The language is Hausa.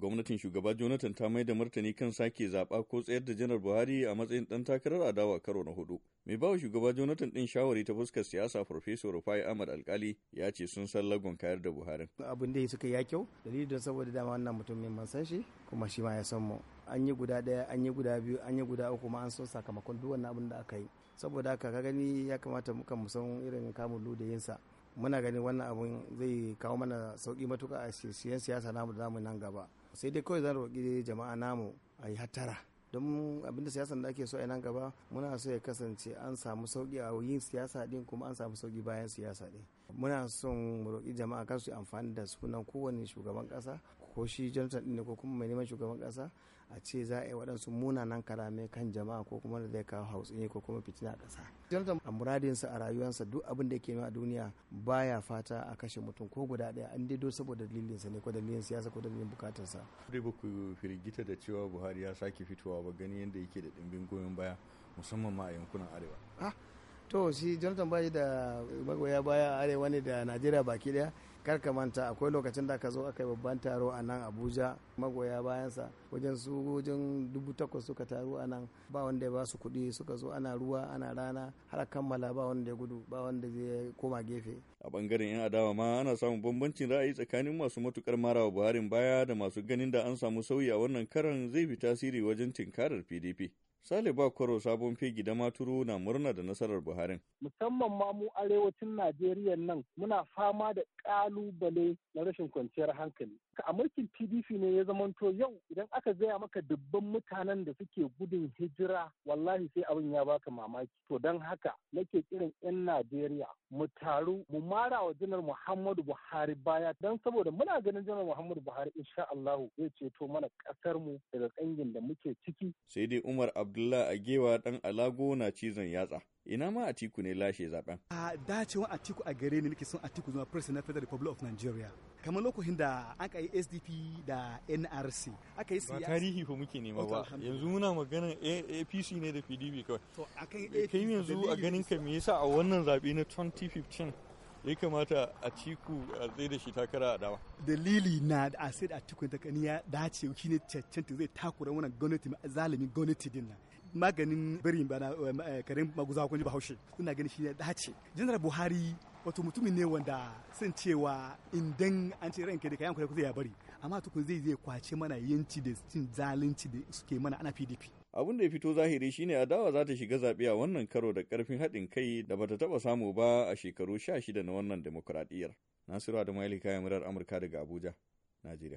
gwamnatin shugaba jonathan ta mai da martani kan sake zaɓa ko tsayar da janar buhari a matsayin ɗan takarar adawa karo na hudu mai bawa shugaba jonathan ɗin shawari ta fuskar siyasa farfesa rufai ahmad alkali ya ce sun san lagon kayar da buhari abin da suka ya kyau dalili don saboda dama wannan mutum mai man san shi kuma shi ma ya san mu an yi guda ɗaya an yi guda biyu an yi guda uku ma an so sakamakon duk wannan abin da aka yi saboda haka ka gani ya kamata muka mu san irin kamun ludayinsa muna ganin wannan abun zai kawo mana sauki matuka a siyan siyasa namu da namu nan gaba sai dai kawai zan roƙi jama'a namu a yi hatara don abinda siyasan da ake so a nan gaba muna so ya kasance an samu sauki a yin siyasa din kuma an samu sauki bayan siyasa din muna son roƙi jama'a kan su amfani da sunan kowane shugaban ƙasa ko shi johnson ne ko kuma mai neman shugaban kasa a ce za a yi waɗansu munanan karame kan jama'a ko kuma da zai kawo ne ko kuma fitina a ƙasa johnson a muradinsa a rayuwarsa duk abin da ke nema a duniya baya fata a kashe mutum ko guda ɗaya an daido saboda dalilinsa ne ko dalilin siyasa ko dalilin bukatarsa dai ba ku firgita da cewa buhari ya sake fitowa ba gani yadda yake da ɗimbin goyon baya musamman ma a yankunan arewa ah, to shi jonathan baji da magoya baya arewa ne da najeriya baki daya kar ka manta akwai lokacin da aka zo aka yi babban taro a nan abuja magoya bayansa wajen su wajen dubu takwas suka taru a nan ba wanda ya basu su kuɗi suka zo ana ruwa ana rana har kammala ba wanda ya gudu ba wanda zai koma gefe a bangaren yan adawa ma ana samun bambancin ra'ayi tsakanin masu matukar marawa buharin baya da masu ganin da an samu sauyi a wannan karan zai fi tasiri wajen tinkarar pdp Sale ba kwaro sabon fegi da maturu na murna da nasarar Buharin. Musamman ma mu arewacin Najeriya nan muna fama da kalubale na rashin kwanciyar hankali. ka A mulkin PDP ne ya zamanto yau idan aka gaya maka dubban mutanen da suke gudun hijira wallahi sai abin ya baka mamaki. To don haka nake kiran 'yan Najeriya mu taru mu mara wa janar Muhammadu Buhari baya don saboda muna ganin janar Muhammadu Buhari insha Allahu zai ceto mana kasar mu daga tsangin da muke ciki. Sai dai Umar Abdul Abdullah a gewa dan Alago na cizon yatsa. Ina ma Atiku ne lashe zaben. A dace wa Atiku a gare ni nake son Atiku zuwa President of Federal Republic of Nigeria. kamar lokacin da aka yi SDP da NRC aka yi siyasa. Ba tarihi ko muke nema ba. Yanzu muna maganar APC ne da PDP kawai. To akan APC. Kai yanzu a ganin ka me yasa a wannan zabe na 2015 ya kamata a ciku a tsaye da shi takara a dama. Dalili na da a sai da a cikin takani ya dace shi ne cancanta zai takura wannan gwamnati zalimin gwamnati din nan. maganin bari bana eh, eh, karin maguza kun ji bahaushe ina ganin shi ne dace janaral buhari wato mutumin ne wanda sun cewa idan an ce ranka da kayan kwarai kusa ya bari amma tukun zai zai kwace mana yanci da cin zalunci da suke mana ana pdp abin da ya fito zahiri shine adawa za ta shiga zaɓe a wannan karo da ƙarfin haɗin kai da bata taɓa samu ba a shekaru sha shida na wannan demokuraɗiyyar nasiru adamu ya kayan murar amurka daga abuja najeriya